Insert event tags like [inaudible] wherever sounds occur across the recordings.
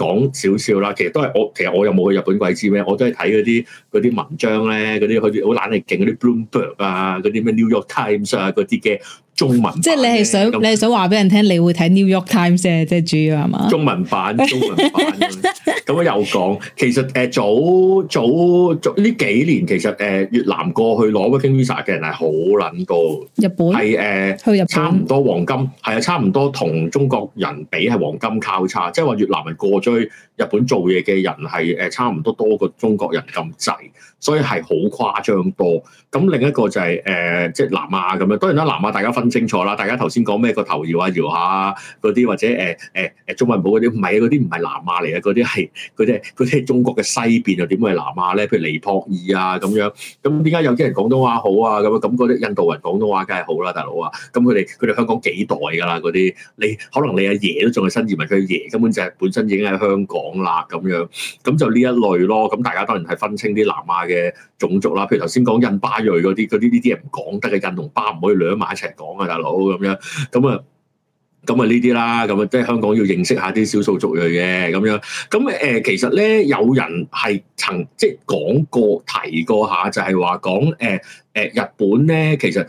講少少啦，其實都係我，其實我又冇去日本鬼知咩，我都係睇嗰啲嗰啲文章咧，嗰啲好似好懶力勁嗰啲《Bloomberg》啊，嗰啲咩《New York Times》啊嗰啲嘅中文，即係你係想那你係想話俾人聽，你會睇《New York Times》啫，即係主要係嘛？中文版中文版咁又講，其實誒、啊、早早呢幾年其實誒、啊、越南過去攞 Working Visa 嘅人係好撚高，日本係誒、啊、去差唔多黃金，係啊差唔多同中國人比係黃金交叉，即係話越南係過咗。去日本做嘢嘅人係誒差唔多多過中國人咁滯，所以係好誇張多。咁另一個就係、是、誒、呃，即係南亞咁樣。當然啦，南亞大家分清楚啦。大家頭先講咩個頭搖啊搖下嗰啲，或者誒誒誒中文堡嗰啲，唔係嗰啲唔係南亞嚟嘅嗰啲係嗰啲係嗰啲中國嘅西邊又點會係南亞咧？譬如尼泊爾啊咁樣。咁點解有啲人廣東話好啊？咁啊，咁嗰啲印度人廣東話梗係好啦、啊，大佬啊。咁佢哋佢哋香港幾代㗎啦？嗰啲你可能你阿爺，爺都仲係新移民，佢爺，爺根本就係本身已經係。香港啦咁樣，咁就呢一類咯。咁大家當然係分清啲南亞嘅種族啦。譬如頭先講印巴裔嗰啲，嗰啲呢啲唔講得嘅，印同巴唔可以兩埋一齊講啊，大佬咁樣。咁啊，咁啊呢啲啦。咁啊，即係香港要認識下啲少數族裔嘅咁樣。咁誒、呃，其實咧有人係曾即係講過提過下，就係話講誒誒日本咧，其實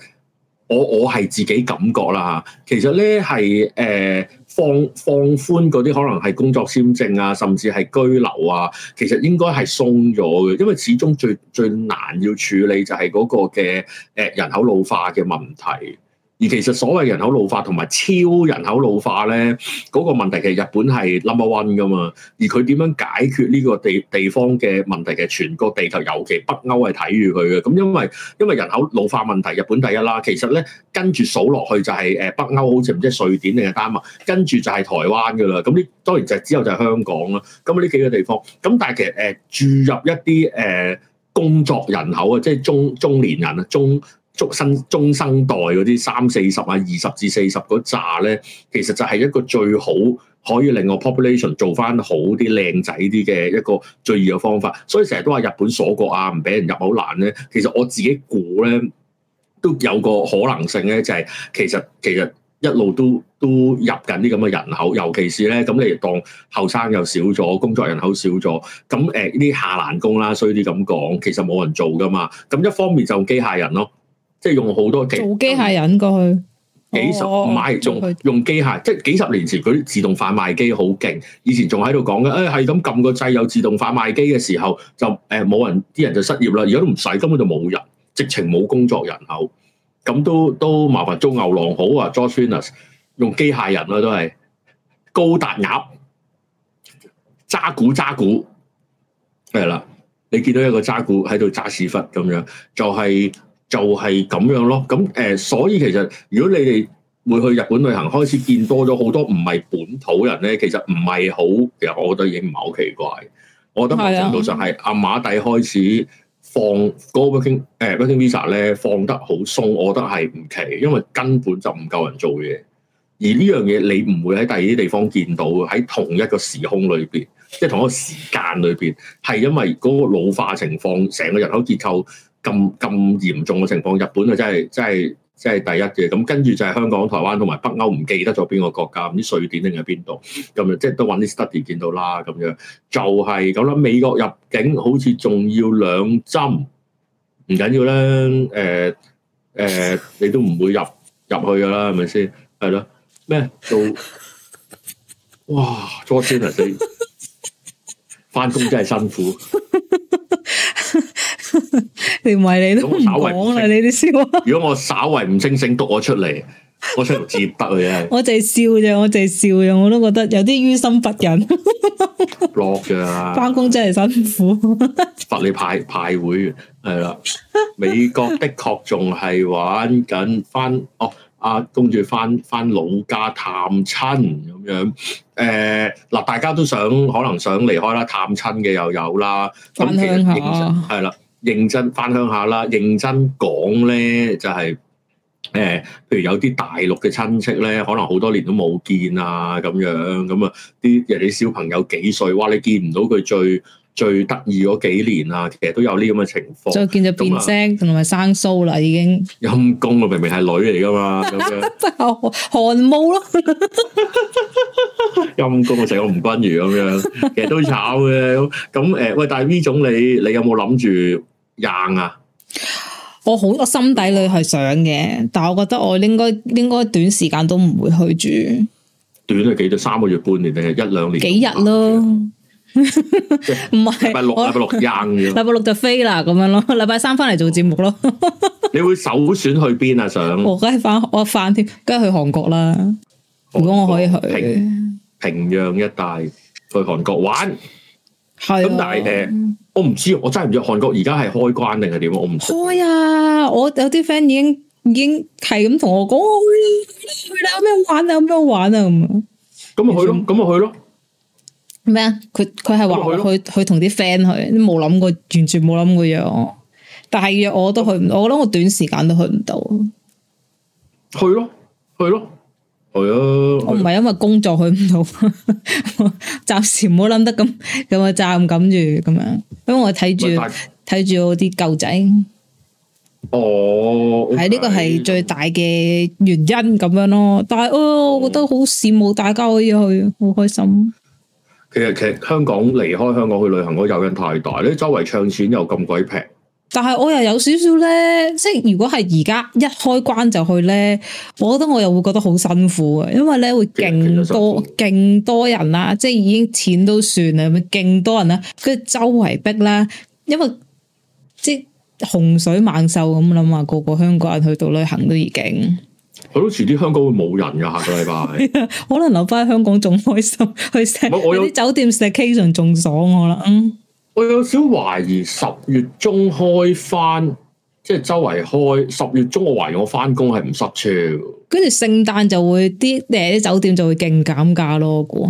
我我係自己感覺啦。其實咧係誒。放放寬嗰啲可能係工作簽證啊，甚至係居留啊，其實應該係鬆咗嘅，因為始終最最難要處理就係嗰個嘅誒、呃、人口老化嘅問題。而其實所謂人口老化同埋超人口老化咧，嗰、那個問題其實日本係 number one 噶嘛。而佢點樣解決呢個地地方嘅問題？其實全個地球尤其北歐係睇住佢嘅。咁因為因為人口老化問題，日本第一啦。其實咧跟住數落去就係誒北歐，好似唔知瑞典定係丹麥。跟住就係台灣噶啦。咁呢當然就只、是、有就係香港啦。咁呢幾個地方。咁但係其實誒注、呃、入一啲誒、呃、工作人口啊，即係中中年人啊，中。足生中生代嗰啲三四十啊，二十至四十嗰紮咧，其實就係一個最好可以令我 population 做翻好啲靚仔啲嘅一個最易嘅方法。所以成日都話日本鎖國啊，唔俾人入口難咧。其實我自己估咧都有個可能性咧，就係、是、其實其實一路都都入緊啲咁嘅人口，尤其是咧，咁你當後生又少咗，工作人口少咗，咁呢啲下欄工啦，衰啲咁講，其實冇人做噶嘛。咁一方面就用機械人咯。即係用好多機，做機械人過去幾十，唔係仲用機械。即係幾十年前佢啲自動販賣機好勁，以前仲喺度講緊。誒、哎，係咁撳個掣有自動販賣機嘅時候，就誒冇、哎、人，啲人就失業啦。而家都唔使，根本就冇人，直情冇工作人口，咁都都麻煩。做牛郎好啊 j o a n n s 用機械人啦、啊，都係高達鴨揸鼓揸鼓，係啦。你見到一個揸鼓喺度揸屎忽咁樣，就係、是。就係咁樣咯，咁誒、呃，所以其實如果你哋會去日本旅行，開始見多咗好多唔係本土人咧，其實唔係好，其實我覺得已經唔係好奇怪。我覺得程度上係阿的、啊、馬蒂開始放個 working 誒、呃、working visa 咧放得好鬆，我覺得係唔奇，因為根本就唔夠人做嘢。而呢樣嘢你唔會喺第二啲地方見到喺同一個時空裏邊，即係同一個時間裏邊，係因為嗰個老化情況，成個人口結構。咁咁嚴重嘅情況，日本啊真係真係真係第一嘅，咁跟住就係香港、台灣同埋北歐唔記得咗邊個國家，唔知瑞典定係邊度咁樣，即係都揾啲 study 見到啦咁樣，就係咁啦。美國入境好似仲要兩針，唔緊要啦，誒、呃、誒、呃，你都唔會入入去㗎啦，係咪先？係咯，咩做？哇，初先啊，所以返工真係辛苦。連埋你都唔講啦，你都笑。如果我稍為唔清醒督 [laughs] 我醒出嚟，我出頭接得嘅 [laughs] 我淨係笑啫，我淨係笑啫，我都覺得有啲於心不忍。落 [laughs] 嘅、啊，翻工真係辛苦。罰 [laughs] 你派派會係啦，美國的確仲係玩緊翻哦。阿、啊、公住翻翻老家探親咁樣。誒、呃，嗱，大家都想可能想離開啦，探親嘅又有啦。翻鄉下係啦。嗯認真翻鄉下啦，認真講咧就係、是、誒、欸，譬如有啲大陸嘅親戚咧，可能好多年都冇見啊，咁樣咁啊，啲人哋小朋友幾歲？哇，你見唔到佢最最得意嗰幾年啊，其實都有呢咁嘅情況。就見到變聲樣，同埋生鬚啦，已經陰公啊！明明係女嚟㗎嘛，咁樣寒寒毛咯， [laughs] 霧了 [laughs] 陰公啊！成個吳君如咁樣，其實都炒嘅。咁誒，喂、欸，但係 V 總，你你有冇諗住？硬啊！我好多心底裏係想嘅，但係我覺得我應該應該短時間都唔會去住。短係幾多？三個月、半年定係一兩年？幾日咯？唔係禮拜六，禮拜六硬禮拜六就飛啦，咁樣咯。禮拜三翻嚟做節目咯。你會首選去邊啊？想我梗係翻我翻添，梗係去韓國啦。韓國，如果我可以去平平壤一帶去韓國玩。係咁，啊、但係誒、呃，我唔知，我真係唔知韓國而家係開關定係點，我唔知開啊！我有啲 friend 已經已經係咁同我講，哎，去啦去啦，有咩玩啊有咩玩啊咁。咁咪去咯，咁咪去咯。咩啊全？佢佢係話去去、嗯、去同啲 friend 去，冇諗過，完全冇諗過約我。但係約我都去唔，我諗我短時間都去唔到。去咯，去咯。係啊，我唔係因為工作去唔 [laughs] 到，暫時唔好諗得咁咁啊站咁住咁樣，因為我睇住睇住我啲舊仔哦，係呢的 okay, 個係最大嘅原因咁樣咯。但係啊、哦，我覺得好羨慕大家可以去，好開心。其實其實香港離開香港去旅行我誘因太大，你周圍唱錢又咁鬼平。但係我又有少少咧，即係如果係而家一開關就去咧，我覺得我又會覺得好辛苦嘅，因為咧會勁多勁多人啦，即係已經錢都算啦，咁勁多人啦，跟住周圍逼啦，因為即洪水猛獸咁諗啊，個個香港人去到旅行都已經，我都遲啲香港會冇人噶下個禮拜 [laughs] 可能留翻香港仲開心去食啲酒店 staycation 仲爽我啦，嗯。我有少懷疑十月中開翻，即係周圍開十月中，我懷疑我翻工係唔塞車。跟住聖誕就會啲誒，啲酒店就會勁減價咯。估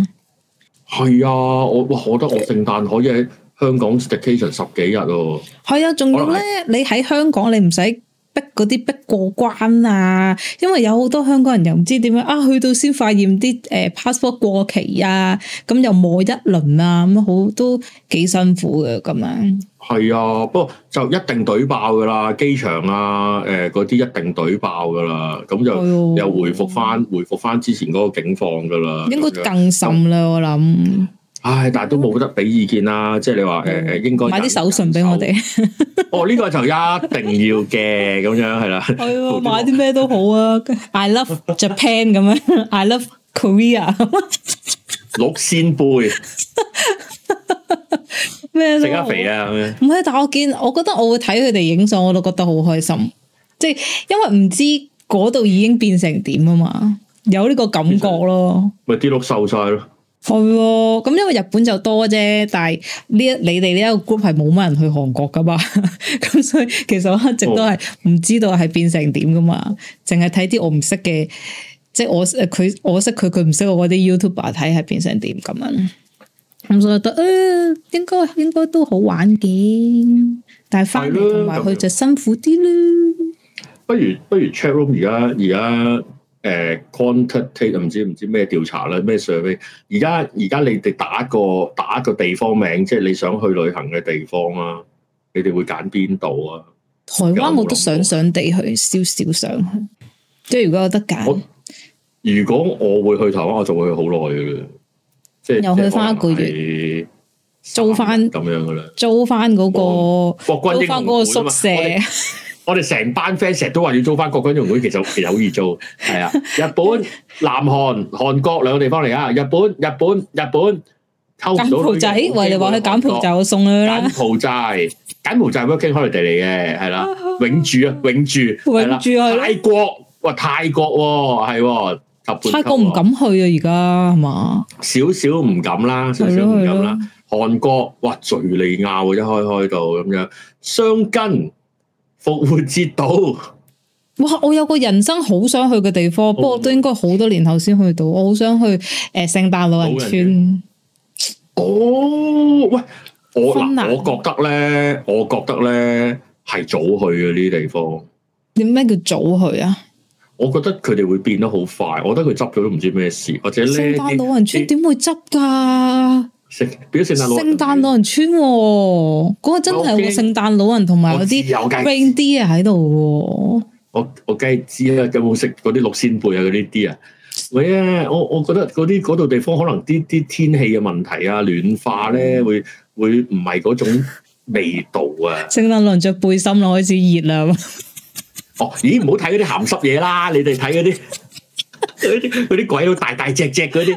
係啊，我哇，我覺得我聖誕可以喺香港 station 十幾日咯。係啊，仲要咧，你喺香港你唔使，逼嗰啲逼過關啊，因為有好多香港人又唔知點樣啊，去到先發現啲誒、呃、passport 過期啊，咁又磨一輪啦、啊，咁好都幾辛苦嘅咁樣。係啊，不過就一定懟爆噶啦，機場啊，誒嗰啲一定懟爆噶啦，咁就又回復翻回復翻之前嗰個境況噶啦，應該更甚啦，嗯、我諗。唉，但係都冇得俾意見啦，即係你話誒誒，應該買啲手信俾我哋。 [laughs] 哦，呢、這個就一定要嘅，咁樣係啦。 [laughs] 買啲咩都好啊 [laughs] ，I love Japan 咁 [laughs] 樣，I love Korea。 [laughs] 鹿仙貝咩？更加 [laughs] 肥啊！咁樣唔係，但我見，我覺得我會睇佢哋影相，我都覺得好開心。即係 [laughs] 因為唔知嗰度已經變成點啊嘛，有呢個感覺咯。咪啲鹿瘦晒咯。係咯，咁、哦、因為日本就多啫，但係呢一你哋呢一個 group 係冇乜人去韓國噶嘛，咁 [laughs] 所以其實我一直都係唔知道係變成點噶嘛，淨係睇啲我唔識嘅，即係我佢我識佢佢唔識我啲 YouTuber 睇係變成點咁樣，咁、嗯、所以就覺得，呃、應該應該都好玩嘅，但係翻嚟同埋去就辛苦啲啦。不如不如 check room 而家而家。誒、呃、contactate 唔知唔知咩調查啦，咩 survey 而家而家你哋打一個打一個地方名，即係你想去旅行嘅地方啊？你哋會揀邊度啊？台灣灣 我都想想地去，少少想上去。即係如果有得揀，如果我會去台灣，我就會去好耐嘅。即係又去翻一個月，租翻咁樣嘅咧，租翻嗰、嗰個，國軍租翻嗰個宿舍。 [laughs] 我哋成班 friend 成日都話要租翻國際傭會，其實其實好易租，係啊！日本、南韓、韓國兩個地方嚟啊！日本、日本、日本，偷唔到佢。柬埔寨，話你柬埔寨，送你柬埔寨，柬埔寨 working holiday 嚟嘅，係啦，永住啊，永住，住啊，泰國，哇！泰國喎，係泰國唔敢去啊！而家係嘛？少少唔敢啦，少少唔敢啦。韓國，哇！敘利亞一開開到咁樣，雙根。復活節島，哇！我有個人生好想去嘅地方，哦、不過都應該好多年後先去到。我好想去誒，呃、聖誕老人村。哦，喂，我，芬蘭，我覺得咧，我覺得咧係早去嘅呢啲地方。點咩叫早去啊？我覺得佢哋會變得好快，我覺得佢執咗都唔知咩事，或者聖誕老人村點會執噶？食，表現係聖誕人老人村、啊，嗰、那個真係個聖誕老人同埋嗰啲 reindeer 喺度。我我計知梗係知啦，有冇食嗰啲鹿仙貝啊？嗰啲啲啊，喂係啊，我我覺得嗰啲嗰度地方可能啲啲天氣、啊、嘅問題啊，暖化咧會會唔係嗰種味道啊。聖誕老人着背心，落開始熱啦。 [laughs] 哦，咦，唔好睇嗰啲鹹濕嘢啦，你哋睇嗰啲。 [laughs] 嗰啲啲鬼佬大大隻隻嗰啲，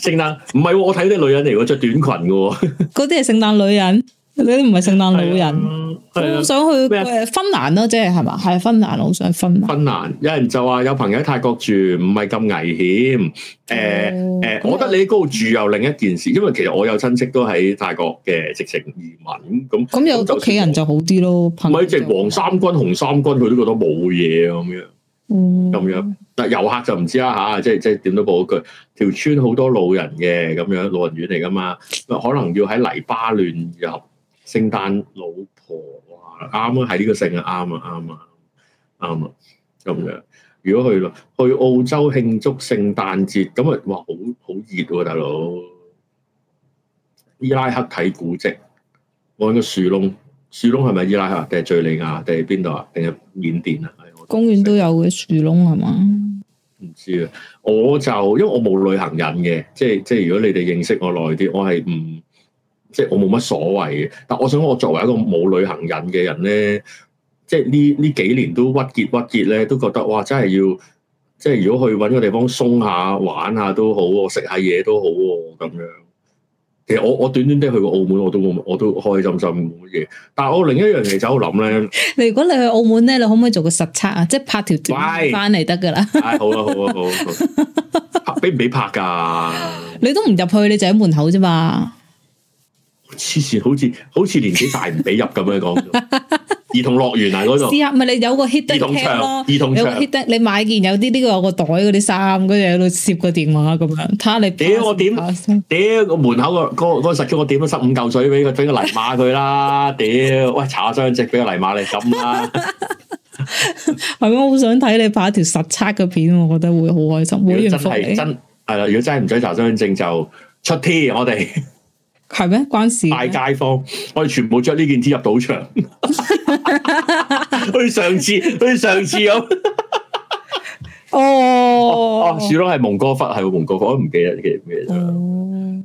聖誕唔係我睇啲女人嚟，我着短裙嘅。嗰啲係聖誕女人，你啲唔係聖誕老人。啊、我想去誒芬蘭啦，即係係嘛，係芬蘭。好想去芬蘭。麼芬蘭有人就話有朋友喺泰國住，唔係咁危險。誒誒，我覺得你喺度住又另一件事，因為其實我有親戚都喺泰國嘅，直情移民咁咁，有屋企人就好啲咯。唔係，即係黃三軍、紅三軍，佢都覺得冇嘢咁樣。咁、嗯、樣但遊客就唔知啦吓、啊，即係即係點都報嗰句，條村好多老人嘅，咁樣老人院嚟噶嘛，可能要喺黎巴嫩入，聖誕老婆啊，啱啊，係呢個姓，啊，啱啊，啱啊，啱啊，咁、啊、樣。如果去咯，去澳洲慶祝聖誕節，咁啊，哇，好好熱喎，大佬。伊拉克睇古蹟，我喺個樹窿，樹窿係咪伊拉克定係敘利亞定係邊度啊？定係緬甸啊？公園都有嘅樹窿係嘛？唔知啊，我就因為我冇旅行癮嘅，即係即係如果你哋認識我耐啲，我係唔即係我冇乜所謂嘅。但我想我作為一個冇旅行癮嘅人咧，即係呢呢幾年都鬱結鬱結咧，都覺得哇，真係要即係如果去揾個地方鬆下玩下都好喎，食下嘢都好喎咁樣。其實我我短短啲去過澳門，我都我都開心心冇但係我另一樣嘢喺度諗咧。 [laughs] 你如果你去澳門咧，你可唔可以做個實測、 [laughs] 哎、啊？即係拍條片翻嚟得噶啦。唉，好啦、啊、好啦、啊、好。 [laughs] 拍俾唔俾拍噶？ [laughs] 你都唔入去，你就喺門口啫嘛。黐線，好似好似年紀大唔俾入咁樣講。 [laughs] [laughs] 兒童樂園啊，嗰度，唔係你有個 hit 得牆咯，兒童牆，有 Day，你買件有啲呢個有個袋嗰啲衫，跟住喺度攝個電話咁樣，睇下你點、呃、我點，屌個、呃、門口、嗰個哥實叫我點咗十五嚿水俾佢，俾個泥馬佢啦，屌喂查下雙證俾個泥馬你咁啦，係咪我好想睇你拍一條實測嘅片，我覺得會好開心。如果真係真係啦，如果真係唔使查雙證就出 T，我哋係咩關事？派街坊，我哋全部着呢件 T 入賭場。 [laughs] [laughs] 去上次，去上次咁。哦，啊、 [laughs] 哦，小羅係蒙哥佛，係蒙哥佛，我都唔記得記咩啫。哦，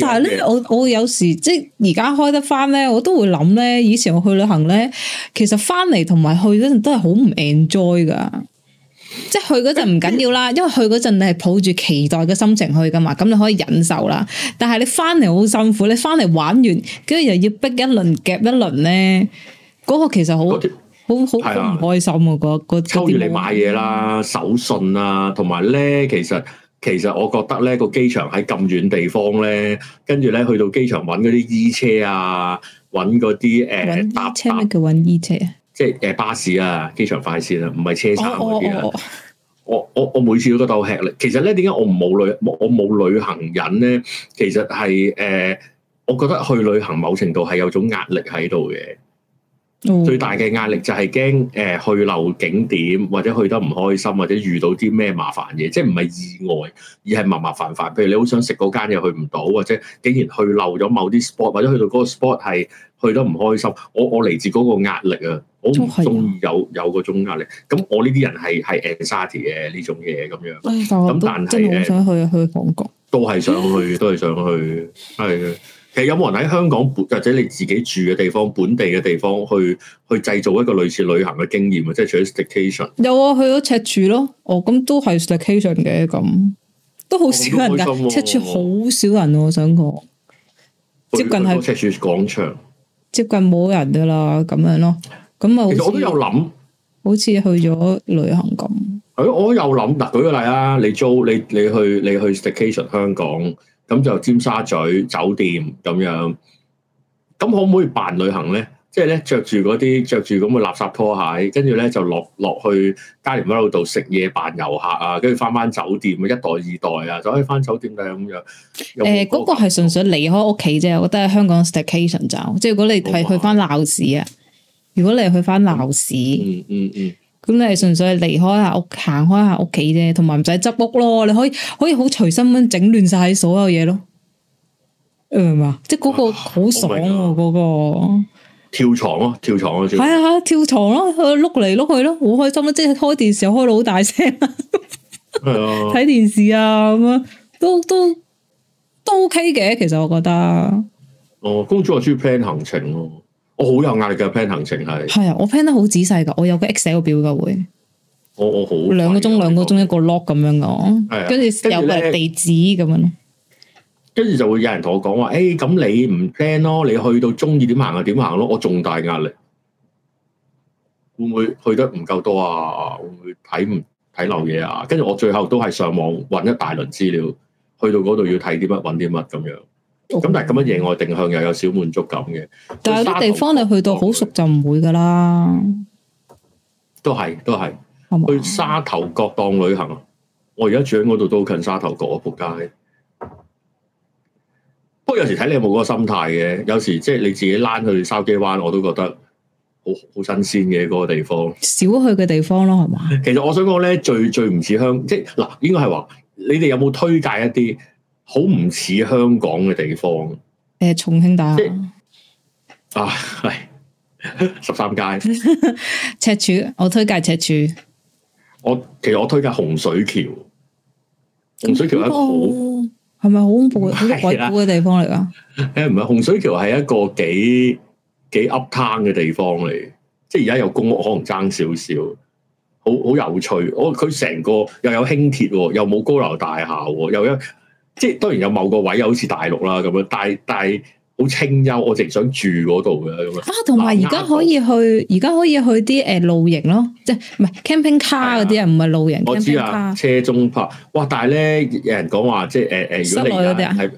但係咧，呢嗯、我我有時即係而家開得翻咧，我都會諗咧。以前我去旅行咧，其實翻嚟同埋去嗰陣都係好唔 enjoy 噶。即係去嗰陣唔緊要啦，因為去嗰陣你係抱住期待嘅心情去噶嘛，咁你可以忍受啦。但係你翻嚟好辛苦，你翻嚟玩完，跟住又要逼一輪夾一輪咧。嗰個其實些好好好唔的開心啊！嗰嗰抽錢嚟買嘢啦，手信啊，同埋咧，其實其實我覺得咧，個機場喺咁遠地方咧，跟住咧去到機場揾嗰啲依車啊，揾嗰啲誒搭叫、e、車叫揾依車啊，即係誒、呃、巴士啊，機場快線啊，唔係車站嗰啲啊。我我我每次都覺得好吃力。其實咧，點解我唔冇旅我冇旅行人咧？其實係誒、呃，我覺得去旅行某程度係有種壓力喺度嘅。哦、最大嘅壓力就係驚誒去漏景點，或者去得唔開心，或者遇到啲咩麻煩嘢，即係唔係意外，而係麻麻煩煩。譬如你好想食嗰間嘢，去唔到，或者竟然去漏咗某啲 spot，r 或者去到嗰個 spot r 係去得唔開心。我我嚟自嗰個壓力啊，我唔中意有有嗰種壓力。咁、嗯、我呢啲人係係 anxiety 嘅呢種嘢咁樣。咁、嗯、但係、哦、想去去韓國，都係想去，都係想去，係。 [laughs] 其實有冇人喺香港或者你自己住嘅地方本地嘅地方去去製造一個類似旅行嘅經驗啊？即係除咗 staycation 有啊，去咗赤柱咯。哦，咁都係 staycation 嘅，咁都好少人噶。赤柱好少人，我想講接近喺赤柱廣場，接近冇人噶啦，咁樣咯。咁啊，我都有諗，好似去咗旅行咁。誒，我又諗，嗱、uh.，舉個例啊。你租你你去你去 staycation 香港。咁就尖沙咀酒店咁樣，咁可唔可以扮旅行咧？即係咧，着住嗰啲着住咁嘅垃圾拖鞋，跟住咧就落落去嘉廉嗰度度食嘢扮遊客啊，跟住翻翻酒店代代啊，一袋二袋啊，就可以翻酒店嘅咁樣。誒，嗰、欸、個係純粹離開屋企啫，我覺得喺香港 Staycation 就。即係如果你係去翻鬧市啊，如果你係去翻鬧市，嗯嗯嗯。嗯嗯。咁你係純粹係離開下屋行開下屋企啫，同埋唔使執屋咯，你可以可以好隨心咁整亂晒所有嘢咯，明嘛？即係嗰個好爽喎，嗰個跳床咯，跳床咯，係啊，跳床咯，去碌嚟碌去咯，好開心咯！即係開電視開到好大聲，係啊，睇電視啊咁啊，都都都 OK 嘅，其實我覺得。哦，工作我中意 plan 行程咯。我好有壓力嘅 plan 行程係，係啊，我 plan 得好仔細噶，我有個 Excel 錶噶會，哦、我我好兩個鐘兩個、這個鐘一個 lock 咁樣噶，係啊的，跟住有個地址咁樣咯，跟住就會有人同我講話，誒，咁你唔 plan 咯，你去到中意點行啊，點行咯，我重大壓力，會唔會去得唔夠多啊？會唔會睇唔睇漏嘢啊？跟住我最後都係上網搵一大輪資料，去到嗰度要睇啲乜，搵啲乜咁樣。咁但係咁樣野外定向又有少滿足感嘅，但係有啲地方你去到好熟就唔會噶啦，都係都係去沙頭角當旅行。我而家住喺嗰度都近沙頭角啊扑街。不過有時睇你有冇嗰個心態嘅，有時即係你自己 𨅷 去筲箕灣，我都覺得好好新鮮嘅嗰個地方。少去嘅地方咯係嘛？是是其實我想講咧，最最唔似香即係嗱，應該係話你哋有冇推介一啲？好唔似香港嘅地方？誒、欸，重慶大學啊，係、哎、十三街 [laughs] 赤柱，我推介赤柱。我其實我推介洪水橋，洪水橋係好係咪好恐怖？好鬼古嘅地方嚟啊！誒，唔係洪水橋係一個幾幾 up t 嘅地方嚟，即係而家有公屋可能爭少少，好好有趣。哦，佢成個又有輕鐵，又冇高樓大廈，又一，又有即係當然有某個位啊，好似大陸啦咁樣，但係但係好清幽，我淨係想住嗰度嘅咁啊。啊，同埋而家可以去，而家可以去啲誒露營咯，即係唔係 camping car 嗰啲啊？唔係露營。我知啊，車中泊哇！但係咧，有人講話即係誒誒，如果你而家係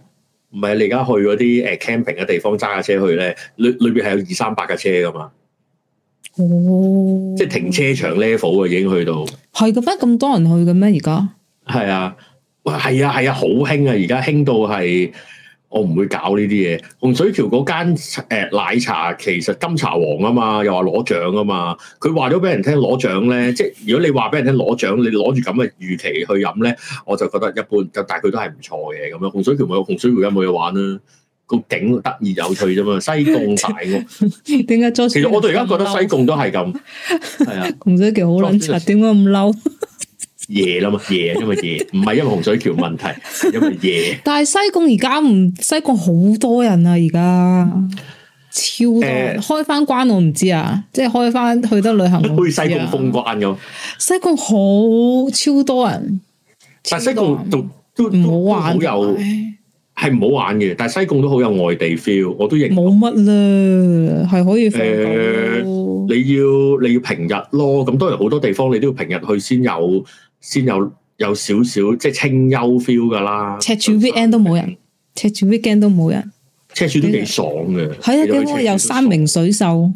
唔係你而家去嗰啲誒 camping 嘅地方揸架車去咧，裏裏邊係有二三百架車㗎嘛。哦，即係停車場 level 啊，已經去到係嘅咩？咁多人去嘅咩？而家係啊。係啊係啊，好興啊！而家興到係，我唔會搞呢啲嘢。洪水橋嗰間誒奶茶，其實金茶王啊嘛，又話攞獎啊嘛。佢話咗俾人聽攞獎咧，即係如果你話俾人聽攞獎，你攞住咁嘅預期去飲咧，我就覺得一般。但係佢都係唔錯嘅咁樣。洪水橋唔有洪水橋有冇嘢玩啦、啊？個景得意有趣啫嘛。西貢大屋，點解？其實我到而家覺得西貢都係咁。係 [laughs] 啊， [laughs] 洪水橋好捻茶，點解咁嬲？ [laughs] 夜啦嘛，夜，因為夜，唔係因為洪水橋問題， [laughs] 因為夜、yeah。 [laughs] 但係西貢而家唔，西貢好多人啊，而家超多人。呃、開翻關我唔知啊，即係開翻去得旅行我、啊。好似西貢封關咁。西貢好超多人，多人但西貢就都唔好玩，好有係唔好玩嘅。但係西貢都好有外地 feel，我都認。冇乜啦，係可以。誒、呃，你要你要平日咯，咁當然好多地方你都要平日去先有。先有有少少即係清幽 feel 噶啦，赤柱 weekend 都冇人，赤柱 weekend 都冇人，赤柱都幾爽嘅，係啊，因為有山明水秀，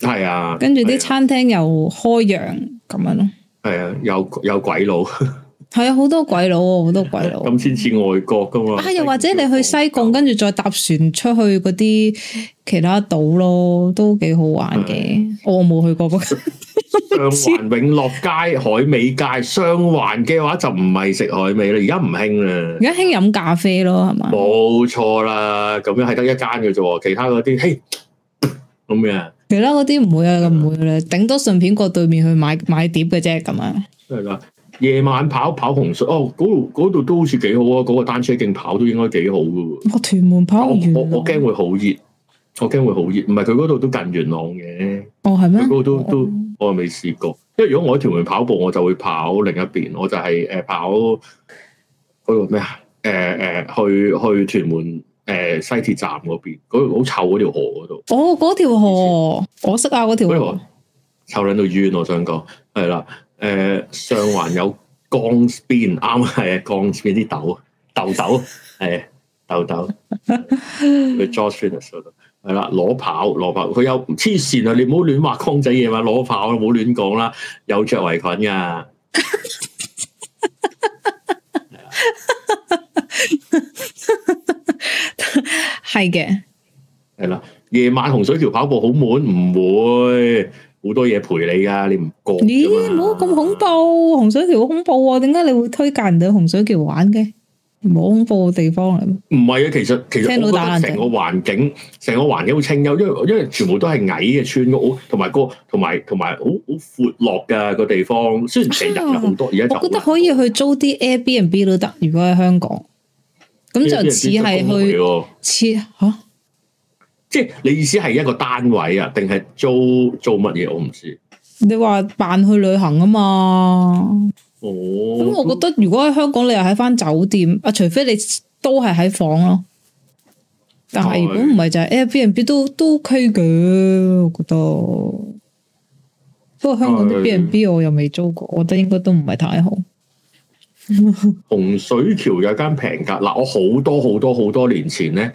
係啊，跟住啲餐廳又開揚咁樣咯，係啊，有又鬼佬。係啊，好 [music] 多鬼佬，好多鬼佬。咁先似外國噶嘛？啊，又或者你去西貢，啊、跟住再搭船出去嗰啲其他島咯，都幾好玩嘅。的我冇去過嗰。上環永樂街、 [laughs] 海味街，上環嘅話就唔係食海味啦。而家唔興啦。而家興飲咖啡咯，係嘛？冇錯啦，咁樣係得一間嘅啫。其他嗰啲，嘿，咁樣。其他嗰啲唔會啊，唔、嗯、會啦、啊。頂、啊、多順便過對面去買買碟嘅啫，咁啊。真係噶。夜晚跑跑洪水哦，嗰度都好似幾好啊！嗰、那個單車徑跑都應該幾好噶喎、哦。屯門跑我我驚會好熱，我驚會好熱。唔係佢嗰度都近元朗嘅。哦，係咩？佢嗰度都、哦、都，都我未試過。因為如果我喺屯門跑步，我就會跑另一邊，我就係、是、誒、呃、跑嗰個咩啊？誒誒、呃，去去屯門誒、呃、西鐵站嗰邊，嗰好臭嗰條河嗰度。哦，嗰條河前我識啊，嗰條河臭卵到冤，我想講係啦。誒、呃，上環有鋼絲邊，啱係鋼絲邊啲豆豆豆，係 [laughs] 豆豆佢抓穿咗咯，係啦， [laughs] 裸跑攞跑，佢有黐線啊！你唔好亂畫公仔嘢嘛，攞跑唔好亂講啦，有着圍裙噶，係啊 [laughs] 的，係嘅，係啦，夜晚洪水橋跑步好悶，唔會。好多嘢陪你噶，你唔講啫嘛？咦，冇咁恐怖，洪水橋好恐怖啊！點解你會推介人到洪水橋玩嘅？唔好恐怖嘅地方嚟？唔係啊，其實其實聽到我覺得成個環境，成個環境好清幽，因為因為全部都係矮嘅村屋，同埋個同埋同埋好好闊落噶個地方。雖然其實人好多，而家、啊、我覺得可以去租啲 Airbnb 都得。如果喺香港，咁就似係去似吓。啊啊即係你意思係一個單位啊，定係租租乜嘢？我唔知。你話扮去旅行啊嘛？哦，咁我覺得如果喺香港都你又喺翻酒店，啊，除非你都係喺房咯。哎、但係如果唔係就係、是、Airbnb、哎、都都 OK 嘅，我覺得。不過香港啲 B&B n 我又未租過，哎、我覺得應該都唔係太好。洪 [laughs] 水橋有間平噶嗱，我好多好多好多，多年前咧，誒、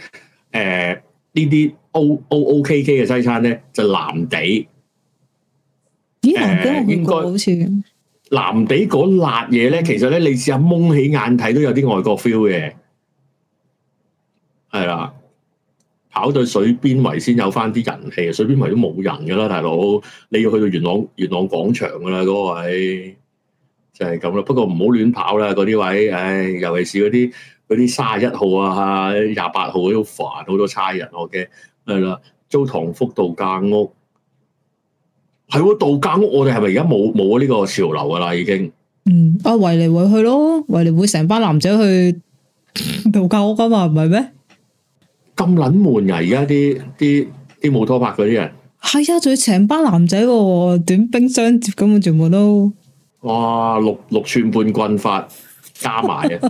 呃。呢啲 O O O、OK、K K 嘅西餐咧，就藍地。咦？藍地好啲喎，好似。藍地嗰辣嘢咧，其實咧，你試下蒙起眼睇，都有啲外國 feel 嘅。係啦，跑到水邊圍先有翻啲人氣，水邊圍都冇人噶啦，大佬。你要去到元朗元朗廣場噶啦，嗰位就係咁啦。不過唔好亂跑啦，嗰啲位。唉，尤其是嗰啲。嗰啲卅一號啊，廿八號、啊、都煩好多差人，我驚係啦，租唐福度假屋，係咯，度假屋我哋係咪而家冇冇呢個潮流噶啦已經？嗯，啊圍嚟圍去咯，圍嚟圍成班男仔去 [laughs] 度假屋噶、啊、嘛，唔係咩？咁捻悶呀、啊！而家啲啲啲冇拖拍嗰啲人，係呀，仲要成班男仔喎、啊，短兵相接，根本就冇咯。哇，六六寸半棍法。加埋啊， [laughs]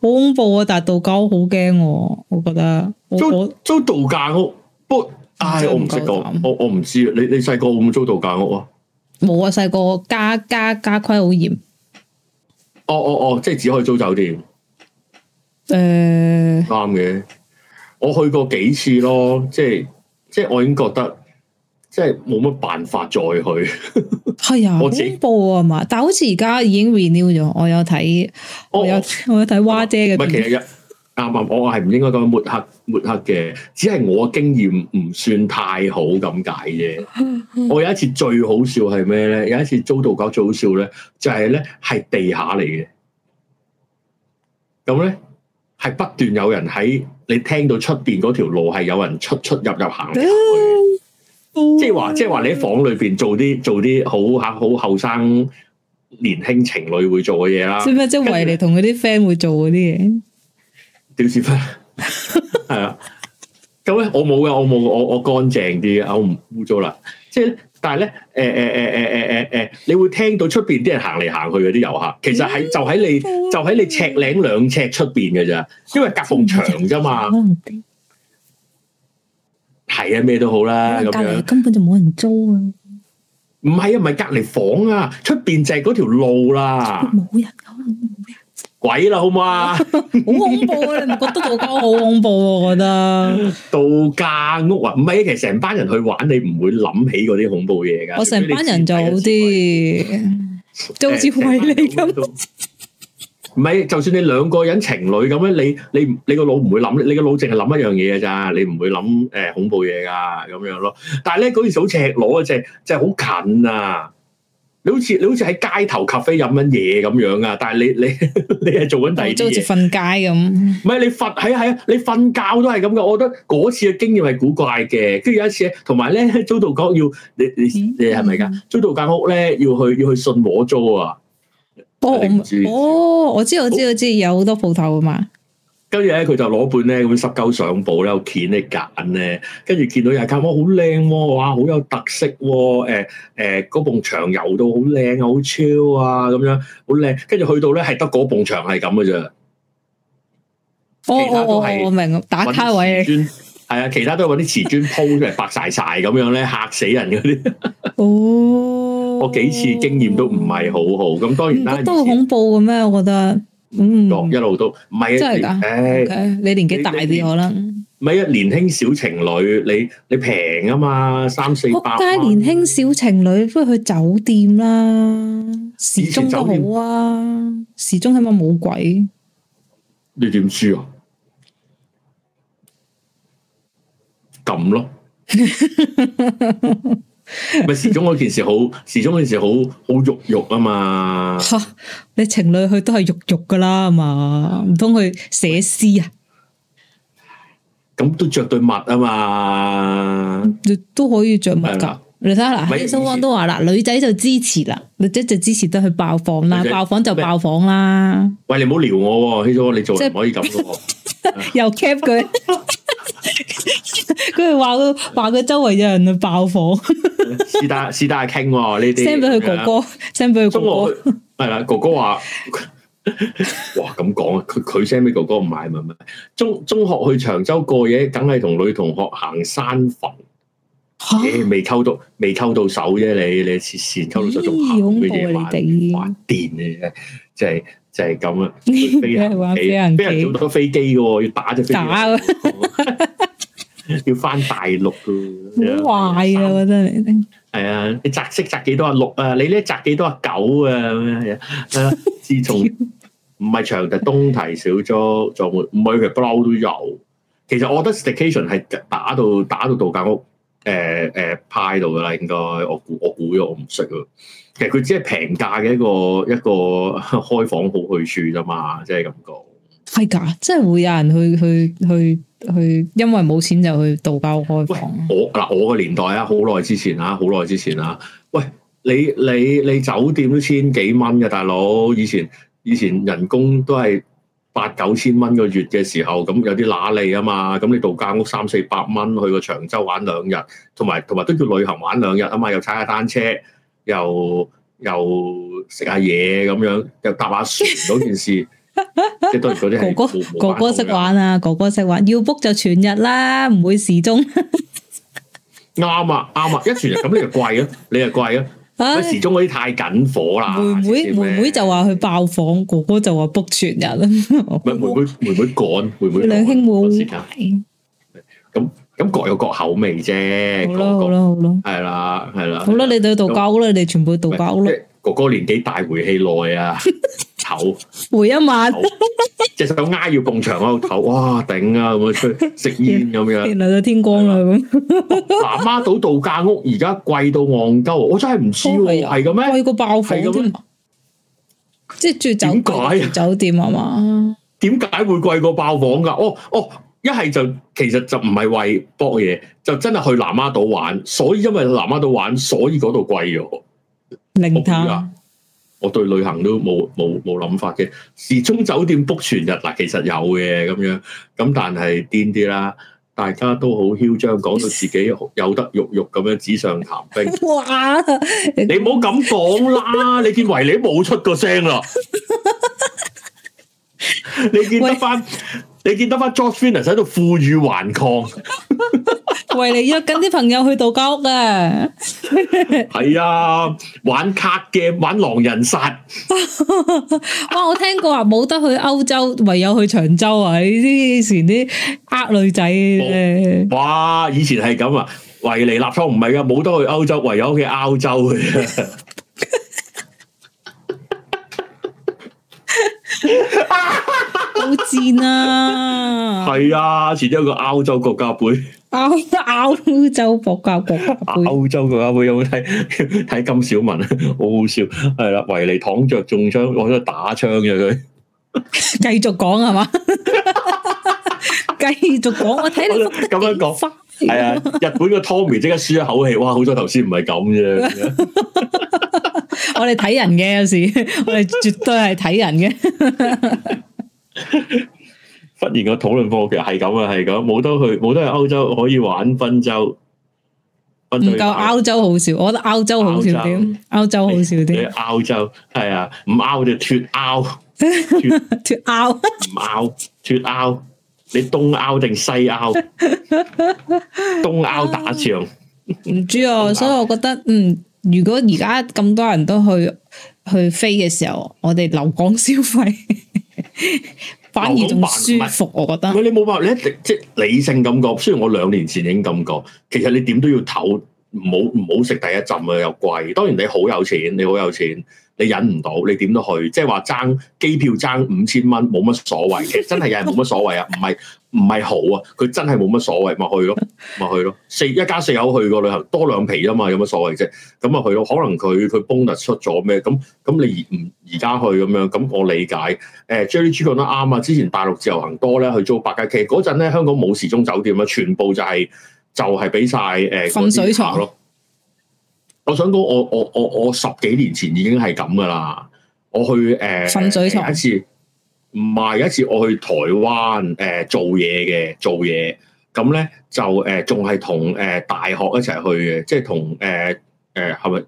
好恐怖啊！但係度假屋好驚我，我覺得，我覺得租租度假屋，不，唉、哎，我唔識講，我我唔知啊。你你細個會唔會租度假屋啊？冇啊，細個家家家規好嚴。哦哦哦，oh, oh, oh, 即係只可以租酒店。誒，啱嘅。我去過幾次咯，即係即係，我已經覺得。即係冇乜辦法再去 [laughs] 、哎呦，係啊，恐怖啊嘛！但係好似而家已經 renew 咗，我有睇、哦，我有我有睇蛙姐嘅、哦。其實啱啱我係唔應該講抹黑抹黑嘅，只係我經驗唔算太好咁解啫。 [laughs] 我有一次最好笑係咩咧？有一次租渡搞最好笑咧，就係咧係地下嚟嘅。咁咧係不斷有人喺你聽到出邊嗰條路係有人出出入入行 [laughs] 即係話，即係話，你喺房裏邊做啲做啲好吓好後生年輕情侶會做嘅嘢啦。即係咩？即係圍嚟同嗰啲 friend 會做嗰啲嘢。屌屎忽，係啊。咁咧，我冇嘅，我冇，我我乾淨啲嘅，我唔污糟啦。即係，但係咧，誒誒誒誒誒誒誒，你會聽到出邊啲人行嚟行去嗰啲遊客，其實喺就喺你就喺你尺零兩尺出邊嘅咋，因為夾縫牆噶嘛。係啊，咩都好啦，隔籬根本就冇人租啊！唔係啊，唔係隔籬房啊，出邊就係嗰條路啦、啊，冇人，人鬼啦，好唔好啊？好 [laughs] [laughs] 恐怖啊！你唔覺得度假好恐怖啊？我覺得度假屋啊，唔係、啊，其實成班人去玩，你唔會諗起嗰啲恐怖嘢噶、啊。我成班人就好啲，就好似為你咁。 [laughs] 嗯 [laughs] 唔係，就算你兩個人情侶咁樣，你你你個腦唔會諗，你個腦淨係諗一樣嘢㗎咋，你唔會諗誒、呃、恐怖嘢㗎咁樣咯。但係咧，好似好赤裸啊，即即係好近啊！你好似你好似喺街頭咖啡飲緊嘢咁樣 [laughs] 啊！但係你你你係做緊第二啲好似瞓街咁。唔係你瞓，係啊係啊，你瞓覺都係咁嘅。我覺得嗰次嘅經驗係古怪嘅。跟住有一次，同埋咧，租到間屋要你你你係咪噶？租到間屋咧，要去要去信和租啊！我哦,哦，我知我知我知，有好多鋪頭啊嘛。跟住咧，佢就攞半咧咁濕鳩相簿咧，喺度剪咧揀咧。跟住見到又靠間好靚喎，哇，好有特色喎。誒、哎、誒，嗰埲牆油到好靚好超啊，咁樣好靚。跟住去到咧，係得嗰埲牆係咁嘅啫。哦,哦，我明，打卡位。磚係啊，其他都係揾啲瓷磚鋪出嚟，白晒晒咁樣咧，吓死人嗰啲。哦。我幾次經驗都唔係好好，咁當然啦，都好恐怖嘅咩？我覺得，嗯，一路都唔係啊，真係噶，你年紀大啲我啦，唔係啊，年輕小情侶，你你平啊嘛，三四百，街年輕小情侶不如去酒店啦，時鐘都好啊，時鐘係咪冇鬼？你點輸啊？撳咯。咪始終嗰件事好，始終嗰件事好好肉肉啊嘛！你情侶去都係肉肉噶啦，嘛，唔通佢寫詩啊？咁都着對襪啊嘛，都可以着襪噶你睇下嗱，喺生旺都話啦，女仔就支持啦，女仔就支持得去爆房啦，爆房就爆房啦。喂，你唔好撩我，起初你做人唔可以咁噶喎，又 cap 佢。佢係話佢話佢周圍有人去爆火，是但係是但傾呢啲，send 俾佢哥哥，send 俾佢哥哥。係啦， [laughs] 哥哥話：， [laughs] 哇，咁講啊！佢佢 send 俾哥哥唔係唔係唔係。中中學去長洲過夜，梗係同女同學行山房。吓、啊，未溝到未溝到手啫！你你黐線，溝到手仲吓佢哋玩電嘅，即、就、係、是。就係咁啦，俾 [laughs] 棋人俾人俾人叫到個飛機噶，要打隻飛機，打了 [laughs] [laughs] 要翻大陸噶，好壞啊！我真係，係啊，你擲色擲幾多啊？六啊，你咧擲幾多啊？九啊，係啊， [laughs] 自從唔係長，就東提少咗，就會唔係佢不嬲都有。其實我覺得 Staycation 係打到打到度假屋。誒誒、呃呃、派到㗎啦，應該我估我估咗，我唔識喎。其實佢只係平價嘅一個一個開房好去處啫嘛，就是，即係咁講。係㗎，即係會有人去去去去，因為冇錢就去度假開房，啊。我嗱我個年代啊，好耐之前啊，好耐之前啊，喂你你你，你酒店都千幾蚊嘅大佬，以前以前人工都係。八九千蚊個月嘅時候，咁有啲乸脷啊嘛，咁你度假屋三四百蚊去個長洲玩兩日，同埋同埋都要旅行玩兩日啊嘛，又踩下單車，又又食下嘢咁樣，又搭下船嗰件事，即係當然啲係哥哥識玩啊，哥哥識玩，要 book 就全日啦，唔會時鐘。啱啊，啱啊，一全日咁你就貴啊，你又貴啊。個時鐘嗰啲太緊火啦，妹妹妹妹就話去爆房，哥哥就話 book 全日啦。咪 [laughs] 妹妹妹妹趕，妹妹兩 [laughs] 兄妹。咁咁 [laughs] 各有各口味啫吧各。好啦好啦好啦，係啦係啦。好啦，你哋去度假好啦，那你哋全部去度假好啦。哥哥年紀大，回氣耐啊，唞！回一晚，隻手丫要捧牆喺度唞！哇頂啊！咁樣食煙咁樣，天光啦咁。南丫島度假屋而家貴到戇鳩，我真係唔知，係咁咩？貴過爆房，即係住酒店，酒店係嘛？點解會貴過爆房噶？哦哦，一係就其實就唔係為博嘢，就真係去南丫島玩。所以因為南丫島玩，所以嗰度貴咗。零探，我對旅行都冇冇冇諗法嘅。時鐘酒店 book 全日嗱，其實有嘅咁樣，咁但係癲啲啦。大家都好囂張，講到自己有得郁郁咁樣，紙上談兵。 [laughs] 你唔好咁講啦，你認為你冇出個聲啦。你見得翻，你見得翻，Josh Finner 喺度負隅頑抗，維 [laughs] 尼約緊啲朋友去度假屋啊！係啊，玩卡嘅，玩狼人殺。 [laughs] 哇，我聽過話冇得去歐洲，唯有去長洲啊！呢啲以前啲呃女仔嘅、哦、哇，以前係咁啊，維尼立倉唔係噶，冇得去歐洲，唯有去歐洲。 [laughs] 邊啊？係啊，除咗個歐洲國家盃，歐歐洲國家盃，歐洲國家盃有冇睇？睇金小文，好好笑。係啦，維尼躺着中槍，我喺度打槍嘅佢。繼續講係嘛？繼續講，我睇你咁樣講翻。係啊，日本個 Tommy 即刻舒一口氣。哇，好彩頭先唔係咁啫。我哋睇人嘅有時，我哋絕對係睇人嘅。忽然個討論課題係咁啊，係咁，冇得去，冇得去歐洲可以玩賓州、洲，唔夠歐洲好笑，我覺得歐洲好笑啲，歐洲、洲好笑啲。歐洲係啊，唔歐就脫歐，脫歐，唔歐脫歐，你歐歐 [laughs] 東歐定西歐？東歐打仗？唔知啊，所以我覺得，嗯，如果而家咁多人都去去飛嘅時候，我哋留港消費。 [laughs] 反而仲舒服，我覺得。餵！你冇辦法，你一直即係理性感覺。雖然我兩年前已經感覺，其實你點都要唞，唔好唔好食第一浸啊！又貴。當然你好有錢，你好有錢，你忍唔到，你點都去。即係話爭機票爭五千蚊，冇乜所謂嘅，其實真係有人冇乜所謂啊！唔係。 [laughs] 唔係好啊，佢真係冇乜所謂，咪去咯，咪去咯。四 [laughs] 一家四口去個旅行，多兩皮啫嘛，有乜所謂啫？咁咪去咯。可能佢佢崩突出咗咩？咁咁你而唔而家去咁樣？咁我理解。誒 j e l 講得啱啊！之前大陸自由行多咧，去租百佳 K，嗰陣咧香港冇時鐘酒店啊，全部就係、是、就係俾晒，誒、呃、瞓水床。咯、呃。我想講，我我我我十幾年前已經係咁噶啦。我去誒、呃、瞓水床一次。 [laughs] 唔係有一次我去台灣誒、呃、做嘢嘅做嘢，咁咧就誒仲係同誒大學一齊去嘅，即係同誒誒係咪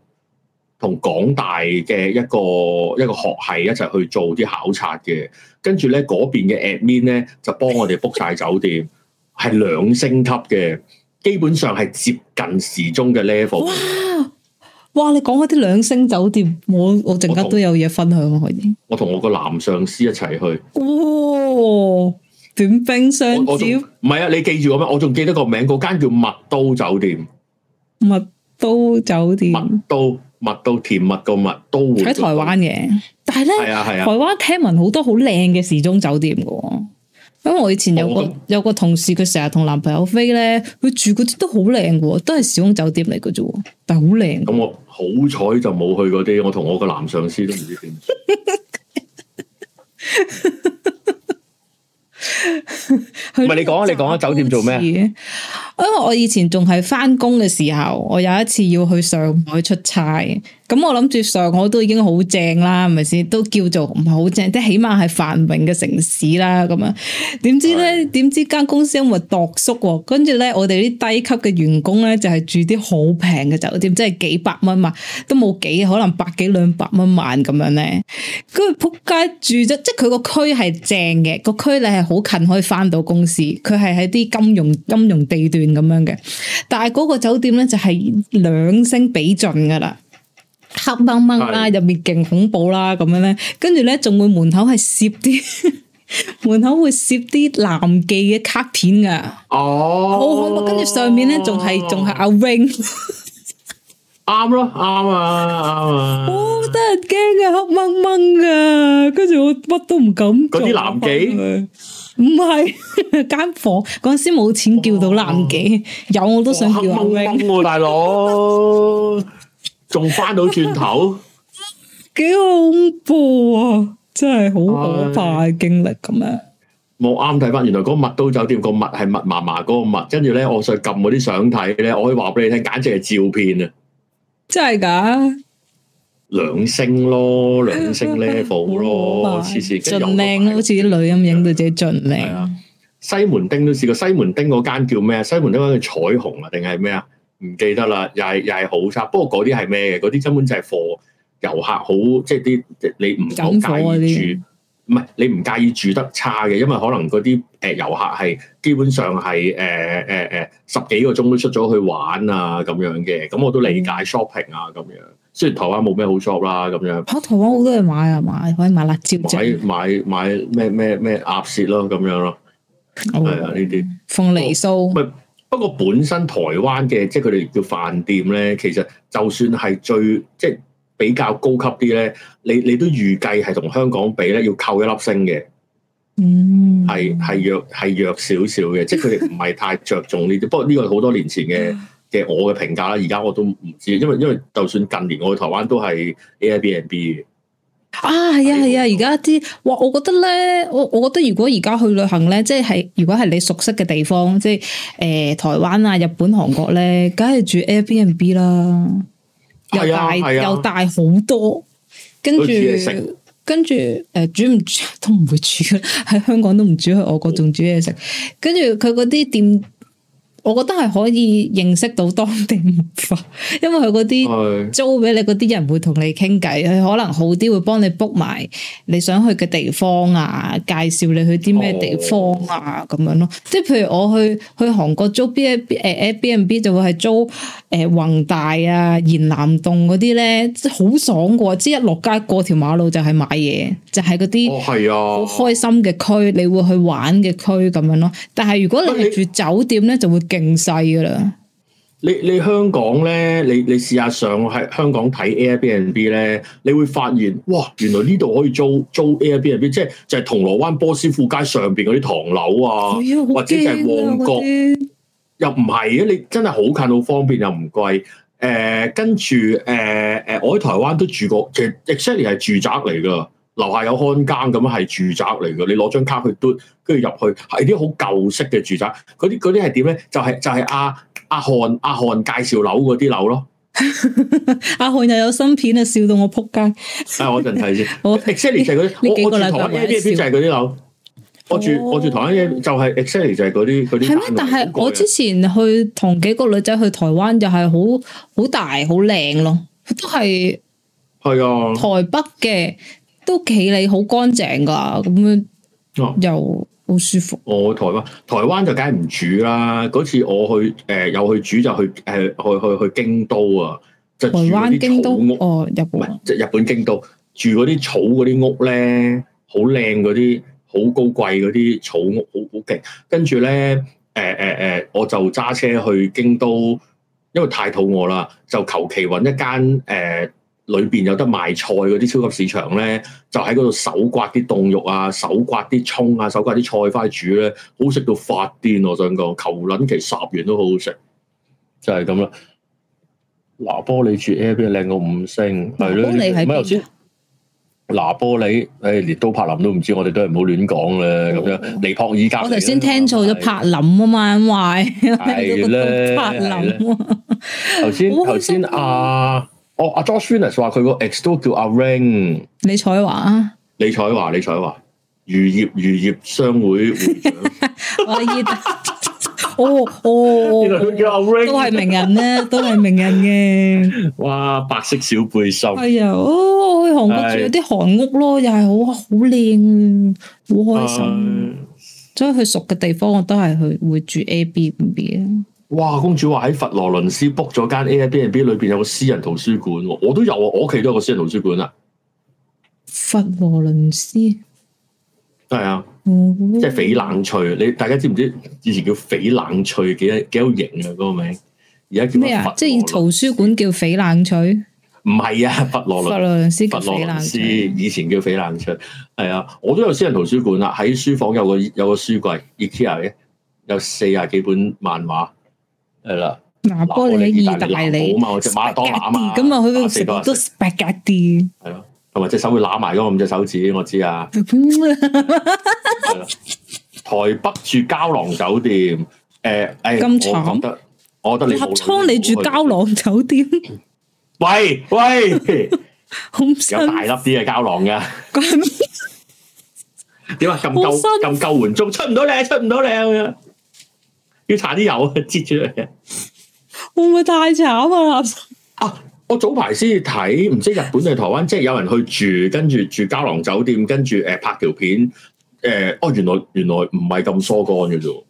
同港大嘅一個一個學系一齊去做啲考察嘅，跟住咧嗰邊嘅 admin 咧就幫我哋 book 晒酒店，係 [laughs] 兩星級嘅，基本上係接近時鐘嘅 level。哇！你講嗰啲兩星酒店，我我陣間都有嘢分享可以。我同我個男上司一齊去。哦，短兵相接。唔係啊，你記住我咩？我仲記得個名，嗰間叫蜜都酒店。蜜都酒店。蜜都蜜都甜蜜個蜜都。喺台灣嘅，但係咧，係啊係啊，啊台灣聽聞好多好靚嘅時鐘酒店噶。因為我以前有個、哦、有個同事，佢成日同男朋友飛咧，佢住嗰啲都好靚嘅，都係小酒店嚟嘅啫，但係好靚。咁、嗯、我好彩就冇去嗰啲，我同我個男上司都唔知點。唔係你講啊，你講啊，你酒店做咩？因為我以前仲係翻工嘅時候，我有一次要去上海出差。咁我諗住上海都已經好正啦，係咪先？都叫做唔係好正，即係起碼係繁榮嘅城市啦。咁唉啊，點知咧？點知間公司又咪度縮？跟住咧，我哋啲低級嘅員工咧，就係、是、住啲好平嘅酒店，即係幾百蚊嘛，都冇幾，可能百幾兩百蚊萬咁樣咧。跟住仆街住即係佢個區係正嘅，個區你係好近可以翻到公司，佢係喺啲金融金融地段咁樣嘅。但係嗰個酒店咧就係、是、兩星比盡噶啦。黑掹掹啦，入面勁恐怖啦，咁樣咧，跟住咧仲會門口係攝啲門口會攝啲男妓嘅卡片噶。哦，好恐怖，跟住上面咧仲係仲係阿 wing，啱咯啱啊啱啊，我真係驚啊黑掹掹啊，跟住我乜都唔敢做，嗰啲男妓唔係間房嗰陣時冇錢叫到男妓，有我都想叫阿 wing，大佬。仲翻到轉頭， [laughs] 幾恐怖啊！真係好可怕嘅，哎、呀經歷咁樣。冇啱睇翻，原來個麥都酒店個麥係密麻麻嗰個麥，跟住咧我想撳嗰啲相睇咧，我可以話俾你聽，簡直係照片啊！真係噶兩星咯，兩星 level 咯，黐線盡靚，好似啲女咁影到自己盡靚，嗯啊。西門町都試過，西門町嗰間叫咩？西門町嗰間叫彩虹啊，定係咩啊？唔記得啦，又係又係好差。不過嗰啲係咩？嗰啲根本就係貨遊客好，即係啲你唔介意住，唔係你唔介意住得差嘅，因為可能嗰啲誒遊客係基本上係誒誒誒十幾個鐘都出咗去玩啊咁樣嘅。咁我都理解 shopping 啊咁樣。雖然台灣冇咩好 shop 啦咁樣。嚇、啊，台灣好多人買啊買，可以買辣椒醬，買買買咩咩咩鴨舌咯咁樣咯，係啊呢啲鳳梨酥。不過本身台灣嘅，即係佢哋叫飯店咧，其實就算係最即係比較高級啲咧，你你都預計係同香港比咧要扣一粒星嘅。嗯，係係弱係弱少少嘅，即係佢哋唔係太着重呢啲。 [laughs] 不過呢個係好多年前嘅嘅我嘅評價啦，而家我都唔知，因為因為就算近年我去台灣都係 Airbnb 嘅。啊，係啊，係啊！而家啲，哇，我覺得咧，我我覺得如果而家去旅行咧，即係如果係你熟悉嘅地方，即係誒、呃、台灣啊、日本、韓國咧，梗係住 Airbnb 啦，又大又大好多，跟住跟住誒煮唔煮都唔會煮，喺香港都唔煮，去外國仲煮嘢食，跟住佢嗰啲店。我覺得係可以認識到當地文化，因為佢嗰啲租俾你嗰啲人會同你傾偈，佢可能好啲會幫你 book 埋你想去嘅地方啊，介紹你去啲咩地方啊咁樣咯。即係譬如我去去韓國租 B 一誒 Airbnb 就會係租誒弘大啊、延南洞嗰啲咧，即係好爽嘅喎！即一落街過條馬路就係買嘢，就係嗰啲係啊，好開心嘅區，你會去玩嘅區咁樣咯。但係如果你係住酒店咧，就會勁細噶啦！你你香港咧，你你試下上喺香港睇 Airbnb 咧，你會發現哇，原來呢度可以租租 Airbnb，即係就係銅鑼灣波斯富街上邊嗰啲唐樓啊， [music] 或者就係旺角， [music] 又唔係啊！你真係好近好方便又唔貴。誒、呃，跟住誒誒，我喺台灣都住過，其實 Excellion 係住宅嚟噶。樓下有看更咁樣係住宅嚟嘅，你攞張卡去嘟，跟住入去係啲好舊式嘅住宅，嗰啲啲係點咧？就係、是、就係阿阿韓阿、啊、韓介紹樓嗰啲樓咯。阿韓又有新片啊，笑到我仆街。啊，我陣睇先看看。我 exactly 就係嗰啲，我我住台灣嘅， [laughs] 我住我住就係 exactly 就係嗰啲啲。係咩？嗎但係我之前去同幾個女仔去台灣，就係好好大好靚咯，都係係啊，台北嘅。 [laughs] 都企理好乾淨噶，咁樣又好舒服。我、哦、台灣，台灣就梗係唔住啦。嗰次我去誒、呃，有去住就去誒、呃，去去去，去京都啊，就住啲草屋。台灣京都？哦，日本，即係日本京都住嗰啲草嗰啲屋咧，好靚嗰啲，好高貴嗰啲草屋，好好勁。跟住咧，誒誒誒，我就揸車去京都，因為太肚餓啦，就求其揾一間誒。呃裏邊有得賣菜嗰啲超級市場咧，就喺嗰度手刮啲凍肉啊，手刮啲蔥啊，手刮啲菜花煮咧，好食到發癲！我想講，求卵其十元都好好食，就係咁啦。拿玻璃住 Airbnb 靚過五星，係咯，你係唔係又知？拿玻璃，誒，連都柏林都唔知，我哋都係唔好亂講咧。咁樣，尼泊爾家，我頭先聽錯咗柏林啊嘛，咁話係柏林。頭先頭先啊！哦，阿 John Francis 話佢個 ex 都叫阿 Ring。李彩華啊？李彩華，李彩華，漁業漁業商會會長。哦 [laughs] [laughs] [laughs] 哦，哦原來佢叫阿 Ring， [laughs] 都係名人咧，都係名人嘅。哇，白色小背心。係啊、哎，哦去韓、哎、國住是有啲韓屋咯，又係好好靚，好開心。哎、所以去熟嘅地方，我都係會住 A B 唔 B 啊。哇！公主話喺佛羅倫斯 book 咗間 Airbnb，裏邊有個私人圖書館。我都有啊，我屋企都有個私人圖書館啊。佛羅倫斯係啊，即係翡冷翠。你大家知唔知以前叫翡冷翠幾幾有型啊？嗰個名而家叫咩？即係圖書館叫翡冷翠？唔係啊，佛羅倫斯。佛羅倫斯，以前叫翡冷翠。係、嗯、哼啊，我都有私人圖書館啦。喺書房有個有個書櫃，IKEA 嘅，有四十幾本漫畫。係啦，拿玻璃意大利好啊嘛，即係馬多拿啊，咁啊佢個食碟都 spaghetti 係咯，同埋隻手會攬埋嗰個五隻手指，我知啊。台北住膠囊酒店，誒誒，我覺得我覺得你好你住膠囊酒店。喂喂，咁有大粒啲嘅膠囊噶？點啊？咁夠咁夠緩衝，出唔到嚟，出唔到嚟。要搽啲油 [laughs] 會會啊！接住嚟，會唔會太慘啊？啊！我早排先睇，唔知日本定台灣，即係有人去住，跟住住膠囊酒店，跟住誒拍條片。誒、呃，哦，原來原來唔係咁疏干嘅啫。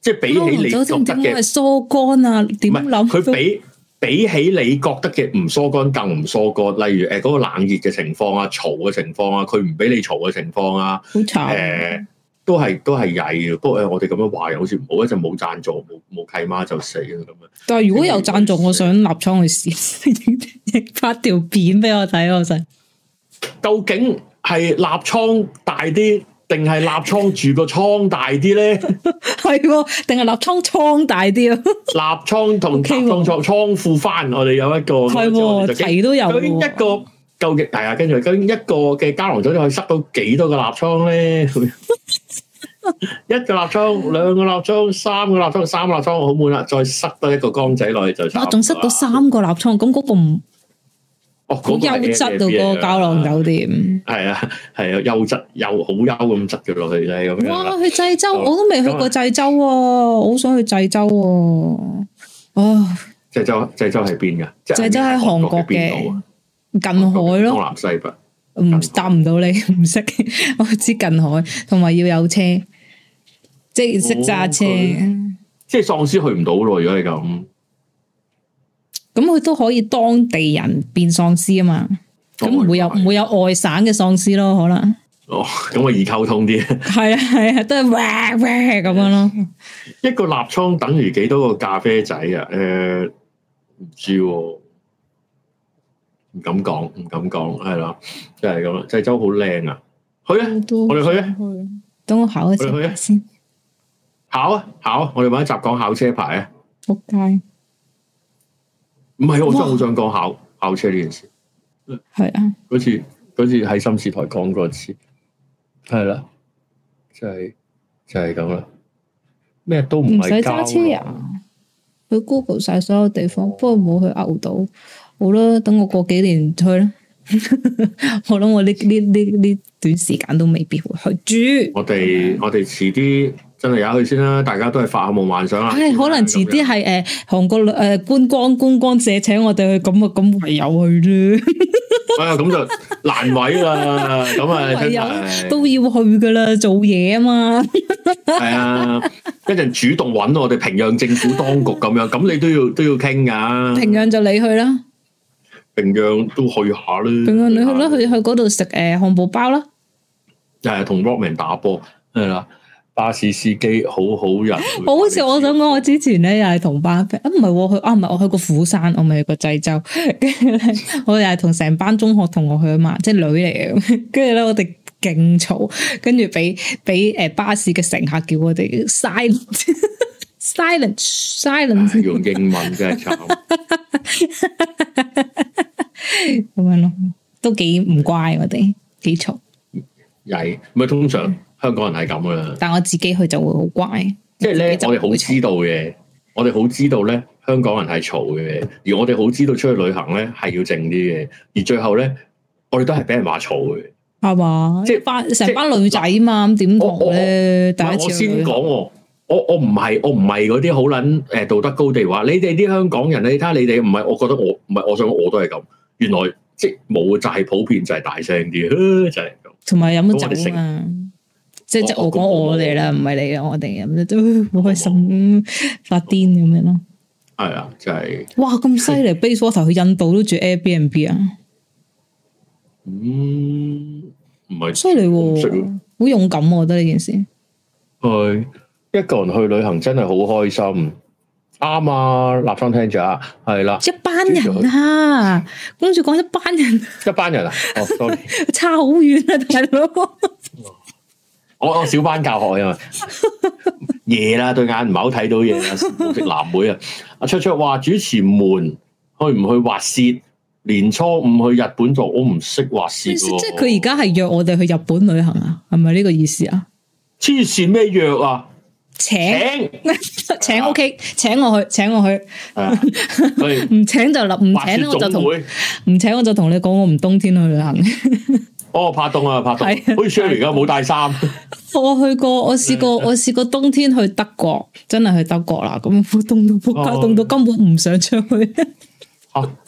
即係比起你覺得嘅疏干啊，點諗？佢比比起你覺得嘅唔疏干更唔疏干。例如誒，嗰、呃嗰個冷熱嘅情況啊，嘈嘅情況啊，佢唔俾你嘈嘅情況啊，好慘誒。嗯都係都係曳嘅，不過誒、哎，我哋咁樣話又好似唔好，一陣冇贊助冇冇契媽就死啊咁樣。但係如果有贊助，我想立倉去試，發條片俾我睇我就。究竟係立倉大啲，定係立倉住個倉大啲咧？係，定係立倉倉大啲啊？立倉同立倉倉倉庫翻，我哋有一個係，齊都有一個？夠勁大啊！跟住，跟一個嘅膠囊酒店可以塞到幾多個立倉咧？一個立倉，兩個立倉，三個立倉，三個立倉好滿啦！再塞多一個缸仔落去就差。我仲塞到三個立倉，咁嗰個唔，哦，好優質到個膠囊酒店。係啊，係啊，優質又好優咁質嘅落去咧，咁樣。哇！去濟州，我都未去過濟州，我好想去濟州。哦，濟州，濟州喺邊噶？濟州喺韓國邊度啊？近海咯，東南西北唔答唔到你，唔識 [laughs] 我知近海，同埋要有車，即係識揸車，哦、即係喪屍去唔到咯。如果係咁，咁佢都可以當地人變喪屍啊嘛。咁唔、嗯、會有唔會有外省嘅喪屍咯？可能哦，咁我易溝通啲，係 [laughs] 啊係啊，都係咁樣咯。Yes. [laughs] 一個立倉等於幾多個咖啡仔啊？誒、呃，唔知喎、啊。唔敢講，唔敢講，係啦，就係咁啦。濟州好靚啊，去啊，我哋去啊，等我考一次先、啊啊。考啊，考！我哋搵一集講考車牌啊。仆街惡！唔係我真好想講考哇考車呢件事。係啊。嗰次次喺深市台講過一次，係啦，就係、係、就係咁啦。咩都唔使揸車啊！去 Google 晒所有地方，不過唔好去牛島。好啦，等我過幾年去啦。我諗我呢呢呢呢段時間都未必會去住。我哋我哋遲啲真係要去先啦，大家都係發下夢幻想啦。唉，可能遲啲係誒韓國誒觀光觀光社請我哋去，咁啊咁唯有去啫。哎呀，咁就難為啦。咁啊係啊，都要去噶啦，做嘢啊嘛。係啊，一陣主動搵我哋平壤政府當局咁樣，咁你都要都要傾噶。平壤就你去啦。平樣都去下咧，平樣你去咯，去去嗰度食誒漢堡包啦，又係同 Rockman 打波，係啦，巴士司機好好人。我好似我想講，我之前咧又係同班 friend，啊唔係，佢啊唔係，我去過釜山，我咪去過濟州，呢跟住我又係同成班中學同學去啊嘛，即係女嚟嘅。跟住咧我哋勁嘈，跟住俾俾誒巴士嘅乘客叫我哋嘥。 [laughs] Silence, silence。用英文真係慘，咁樣咯，都幾唔乖，我哋幾嘈。係，咁啊通常香港人係咁噶啦。但係我自己去就會好乖。即係咧，我哋好知道嘅，我哋好知道咧，香港人係嘈嘅，而我哋好知道出去旅行咧係要靜啲嘅，而最後咧，我哋都係俾人話嘈嘅。係吧嘛？即係班成班女仔嘛，咁點講咧？我我我第一次去旅行？我先講。我我唔係我唔係嗰啲好捻誒道德高地話，你哋啲香港人，你睇下你哋唔係？我覺得我唔係，我想我都係咁。原來即係冇就係普遍就係大聲啲，就係咁。同埋飲咗酒啊？即係即係我講我哋啦，唔係你啦，我哋咁都好開心，發癲咁樣咯。係啊，就係。哇！咁犀利，base water 去印度都住 Airbnb 啊？嗯，唔係犀利喎，好勇敢我覺得呢件事。係。一個人去旅行真係好開心，啱啊！立翻聽住啊，係啦，一班人啊，跟住講一班人，啊，一班人啊，哦，差好遠啊大佬， [laughs] 我我小班教學啊嘛，嘢、嗯、啦 [laughs] 對眼唔係好睇到嘢啊，食藍莓啊，阿卓卓話主持們，去唔去滑雪？年初五去日本做，我唔識滑雪。即係佢而家係約我哋去日本旅行啊？係咪呢個意思啊？黐線咩約啊？請請 OK，請我去，請我去，唔請就立唔請我就同唔請我就同你講，我唔冬天去旅行。哦，怕凍啊，怕凍，好似 share 而家冇帶衫。我去過，我試過，我試過冬天去德國，真係去德國啦，咁凍到扑街，凍到根本唔想出去。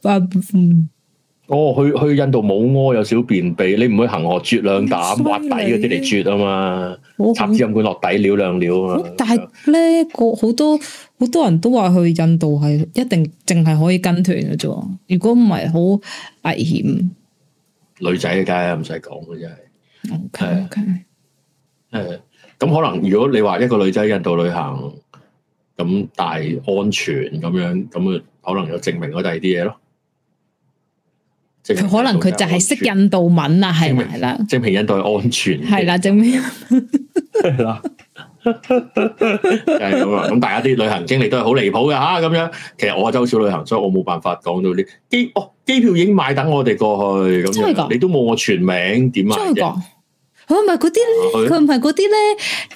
但、嗯、哦去去印度冇屙有少便秘，你唔去恒河啜兩啖挖底嗰啲嚟啜啊嘛，插支飲管落底尿兩尿啊嘛。但係咧個好多好多人都話去印度係一定淨係可以跟團嘅啫，如果唔係好危險。女仔梗係唔使講嘅，真係。OK OK。誒，咁可能如果你話一個女仔喺印度旅行，咁但係安全咁樣咁啊。可能有證明我第二啲嘢咯，佢可能佢就係識印度文明啊，係啦，證明印度係安全，係 [laughs] 啦， [laughs] [laughs] 證明係啦，係咁啦。咁大家啲旅行經歷都係好離譜㗎吓，咁、啊、樣其實我周少旅行，所以我冇辦法講到啲機哦，機票已經買，等我哋過去咁樣，你都冇我全名點啊？佢唔係嗰啲，佢唔係嗰啲咧，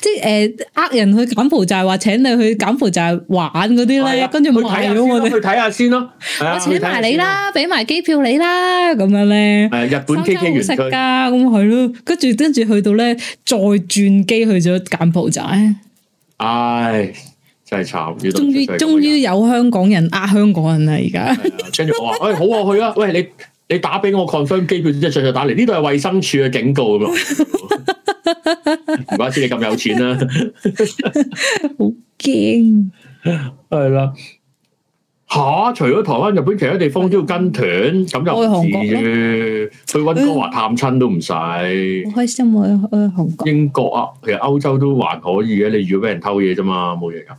即係誒，呃人去柬埔寨，話請你去柬埔寨玩嗰啲咧，跟住冇睇到我哋去睇下先咯，我請埋你啦，俾埋機票你啦，咁樣咧，係日本 K K 元家咁係咯，跟住跟住去到咧，再轉機去咗柬埔寨，唉，真係慘，終於終於有香港人呃香港人啦，而家跟住我話，喂，好啊，去啊，喂你。你打俾我 confirm 機票，即係再再打嚟。呢度係衛生署嘅警告咁咯。唔 [laughs] 怪得你咁有錢啦、啊。好 [laughs] 驚 [laughs] 怕，係啦。吓，除咗台灣、日本，其他地方都要跟團，咁、哎、呀就唔至去溫哥華探親都唔使。好、哎、開心去去韓國、英國啊！其實歐洲都還可以嘅、啊，你如果俾人偷嘢啫嘛，冇嘢噶。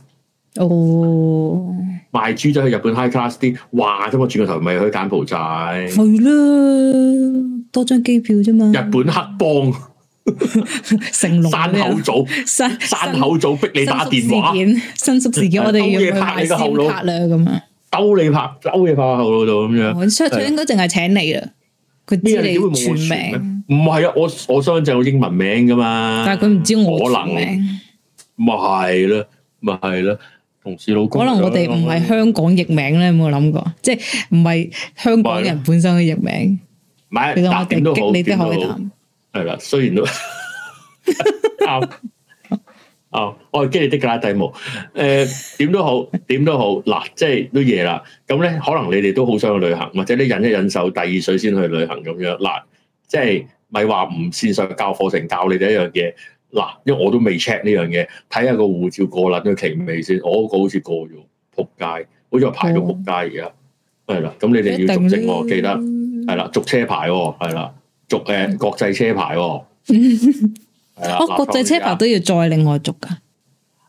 哦，oh, 賣豬仔去日本 high class 啲，哇！咁我轉個頭咪去柬埔寨，係啦，多張機票啫嘛。日本黑幫， [laughs] 成龍山口組，山山口組逼你打電話，新宿事件，新宿事件我，我哋要去偷拍啦咁啊，兜你拍，兜你拍後腦度咁樣。出佢、哦、應該淨係請你啦，佢的知你全名，唔係啊，我我身份證有英文名噶嘛，但係佢唔知我可能名。咪係啦，咪啊係啦。同事老公，可能我哋唔係香港譯名咧，有冇諗過？即係唔係香港人本身嘅譯名。其實我哋激你都好感係啦，雖然都哦哦，我係激你啲拉低毛。誒，點、呃、都好，點都好。嗱，即係都夜啦。咁咧，可能你哋都好想去旅行，或者你忍一忍手第二水先去旅行咁樣。嗱，即係咪話唔線上教課程教你哋一樣嘢？嗱，因為我都未 check 呢樣嘢，睇下個護照過唔過期未先。我嗰個好似過咗扑街，好似又排到扑街而家。係啦、哦，咁你哋要續證喎，記得係啦，續車牌喎、哦，係啦，續誒、呃嗯、國際車牌喎。係啊，我國際車牌都要再另外續噶，呃、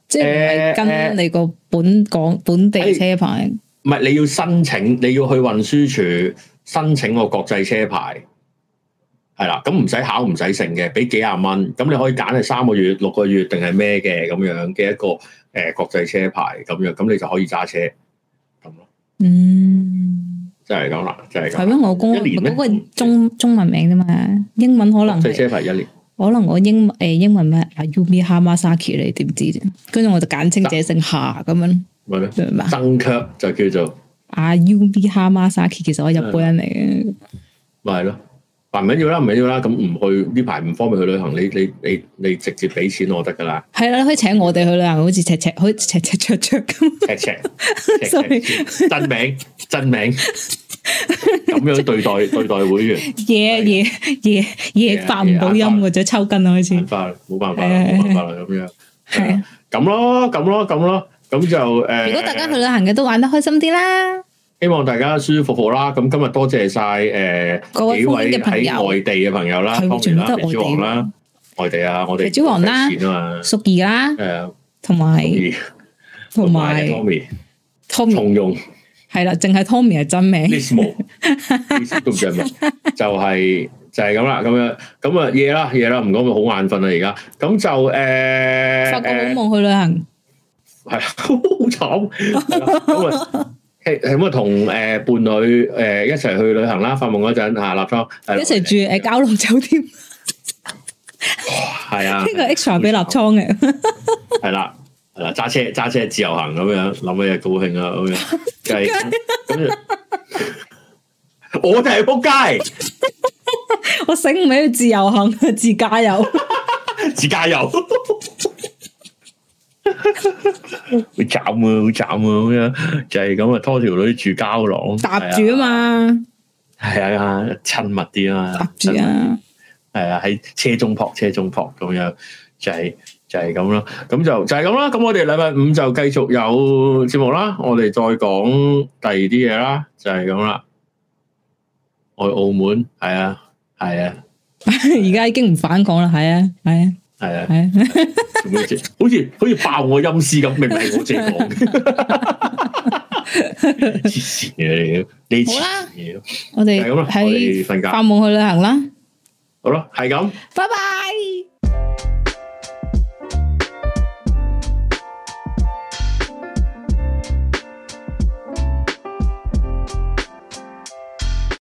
即係唔係跟你個本港、呃呃、本地車牌？唔係，你要申請，你要去運輸署申請個國際車牌。係啦，咁唔使考唔使剩嘅，俾幾廿蚊，咁你可以揀係三個月、六個月定係咩嘅咁樣嘅一個誒、呃、國際車牌咁樣，咁你就可以揸車咁咯。嗯，就係咁啦，就係、是、咁。係咩？我公嗰個中中文名啫嘛，英文可能。即係車牌一年。可能我英誒、呃、英文咩阿 Yumi Hamasaki 你點知啫？跟住我就簡稱自己姓夏咁但樣。咪咯。明白。正確就叫做啊 Yumi Hamasaki 其實我日、, [laughs] 就是就是、我日本人嚟嘅。咪咯。唔緊要啦，唔緊要啦，咁唔去呢排唔方便去旅行，你你你你直接俾錢我得噶啦。係啦，你可以請我哋去旅行，好似赤赤，好赤赤赤赤咁，赤赤。真名真名，咁樣對待對待會員。嘢嘢嘢嘢發唔到音嘅，就抽筋啊，開始。冇辦法，冇冇辦法啦，咁樣。係啊。咁咯，咁咯，咁咯，咁就誒。如果大家去旅行嘅，都玩得開心啲啦。希望大家舒舒服服啦。咁今日多謝晒誒幾位喺外地嘅朋友啦，Tommy 啦，皮超王啦，外地啊，我哋皮超王啦，淑儀啦，係啊，同埋同埋 Tommy，Tommy 重用係啦，淨係 Tommy 係真名，呢啲毛，呢啲都唔着毛，就係就係咁啦，咁樣咁啊夜啦夜啦，唔講，好眼瞓啦，而家咁就誒發個好夢去旅行，係好慘。係咁啊，同誒伴侶誒一齊去旅行啦！發夢嗰陣吓，立倉一齊、哎、住誒、呃、蛟龍路酒店、 [laughs] 哦，係啊，呢個 extra 俾立倉嘅、哦，係啦、 [laughs] 嗯，係啦，揸車揸車自由行咁樣，諗起嘢高興啊咁樣，梗、就、係、是 [laughs] [laughs] 嗯，我哋係扑街，我醒唔起去自由行，自駕遊，自駕遊。會斬嘅，會斬嘅咁樣，就係咁啊！拖條女住膠囊，搭住啊嘛，係啊，親密啲啊，搭住啊，係啊，喺車中泊，車中泊咁樣，就係、是、就係咁咯。咁就就係咁啦。咁我哋禮拜五就繼續有節目啦。我哋再講第二啲嘢啦，就係咁啦。我澳門係啊，係啊，而家、啊、 [laughs] 已經唔反抗啦，係啊，係啊。係啊，好似好似爆我陰私咁，明明我自己講嘅，黐 [laughs] 線，你，你黐我哋係咁咯。我哋瞓覺，發夢去旅行啦。好啦，係咁，拜拜。